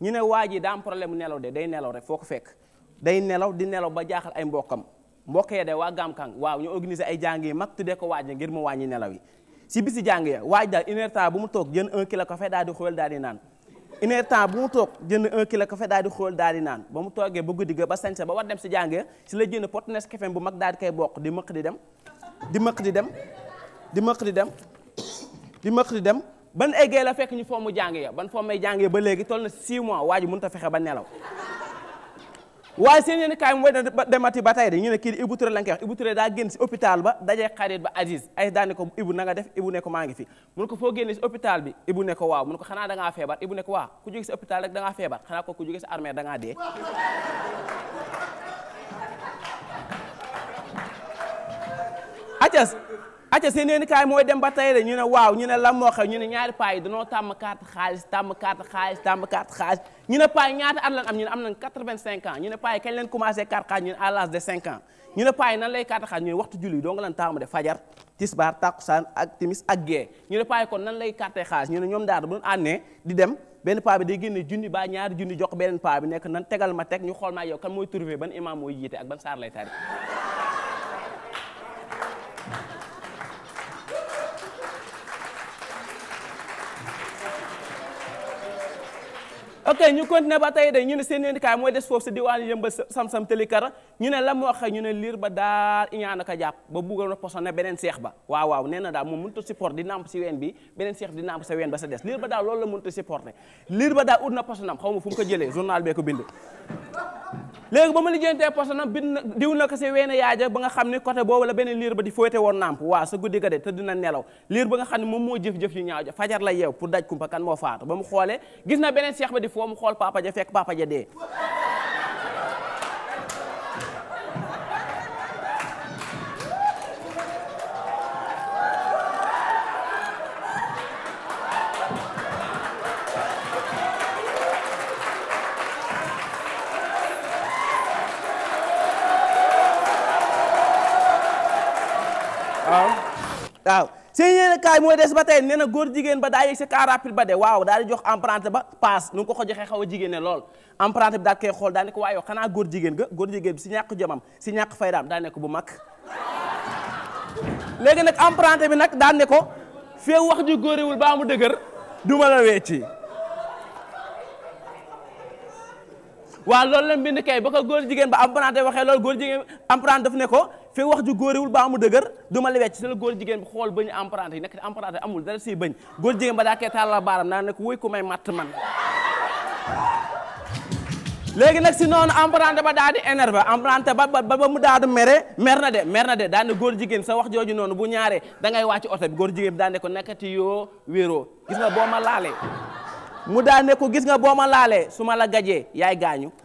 ñu ne waa ji daa am problème nelaw de day nelaw rek foo ko fekk day nelaw di nelaw ba jaaxal ay mbokkam mbokkee de waa Gamkang waaw ñu organiser ay jàng yi mag tuddee ko waaj ngir mu wàññi nelaw yi si bisi jàng ya waaj daal une heure temps bu mu toog jën un kilo café daal di xool daal naan une heure bu mu toog jënd un kilo café daal di xool daal di naan ba mu toogee ba guddi ga ba sañse ba war dem si jàng ya si la jënd pot Nescafé bu mag daal kay koy bokk di mëq di dem di mëq di dem di mëq di dem di dem ban eggee la fekk ñu foo mu jàng ya ban foo may jàng ya ba léegi toll na 6 mois waa mun mënut a fexe ba nelaw waaye seen yéen kaay mu demati ba tey de ñu ne kii di Ibou Touré la ñu koy wax Ibou daa génn si hôpital ba dajee xarit ba Aziz ay daane ko Ibou na nga def Ibou ne maa ngi fi mun ko foo génne si hôpital bi Ibou ne ko waaw mun ko xanaa da ngaa feebar Ibou ne ko waaw ku jóge si hôpital rek da ngaa feebar xanaa ko ku jóge si armée da dee acca seen yéen kaay mooy dem ba tey de ñu ne waaw ñu ne lan moo xew ñu ne ñaari paa yi dañoo tàmm carte xaalis tàmm carte ñu ne paa yi ñaata at lan am ñu ne am nañ quatre-vingt-cinq ans ñu ne paa yi kañ leen commencé carte xaalis ñu ne de cinq ans ñu ne nan lay carte xaalis ñu ne waxtu julli donc lan taamu de fajar tisbaar takkusaan ak timis ak gee ñu kon nan lay carte xaalis ñu ne ñoom bu ñu di dem benn paa bi day junni ba ñaari junni jox nekk nan tegal ma teg ñu xool maa yow kan mooy trouvé ban ok ñu continuer ba tey de ñu ne seen syndicat mooy des foofu si diwaan yëmbal sam-sam tëli ne la moo waxe ñu ne liir ba daal iñaan a ko ba buggoon a poson beneen seex ba waaw waaw nee na daal moom mënut a supporter di nàmp si ween bi beneen seex bi di nàmp sa ween ba sa des liir ba daal loolu la mënut a supporter liir ba daal ut na posonam xaw ma fu mu ko jëlee journal bee ko bind léegi ba ma lijjantee poste na bind na diw na ko si weene yaaja ba nga xam ne côté boobu la beneen liir ba di fóote woon nàmp waaw sa guddi ga de te dina nelaw liir ba nga xam ne moom moo jëf-jëf yu ñaaw ja fajar la yeew pour daj kumpa kan moo faatu ba mu xoolee gis na beneen seex ba di foo mu xool papa ja fekk papa ja dee waaw seen yéen kaay mooy des ba tey nee na góor jigéen ba daay yegg si car ba de waaw daal jox emprunté ba paas nu ko ko joxee xaw a jigéen ne lool emprunté bi daal koy xool daal ne ko waaye xanaa góor jigéen góor jigéen bi si ñàkk jomam si ñàkk faydaam daal ne ko bu mag léegi nag emprunté bi nag daal ne ko fee wax ju góorewul baa mu dëgër du ma la weeci waaw loolu la mbind kay ba ko góor jigéen ba emprunté waxee loolu góor jigéen emprunté daf ne ko fi wax ju góoriwul baa mu dëgër du ma la wecc si la góor jigéen bi xool bañu emprunté yi nekk emprunté amul dara siy bañ góor jigéen ba daa koy tàllal baaram naa ne ko wéy ku may matt man léegi nag si noonu emprunté ba daa di énervé emprunté ba ba mu daa di mere mer na de mer na de daa ne góor jigéen sa wax jooju noonu bu ñaaree da ngay wàcc oto bi góor jigéen bi daa ne ko nekkati yoo wéeroo gis nga boo ma laalee mu daa ne ko gis nga boo ma laalee su ma la gajee yaay gaañu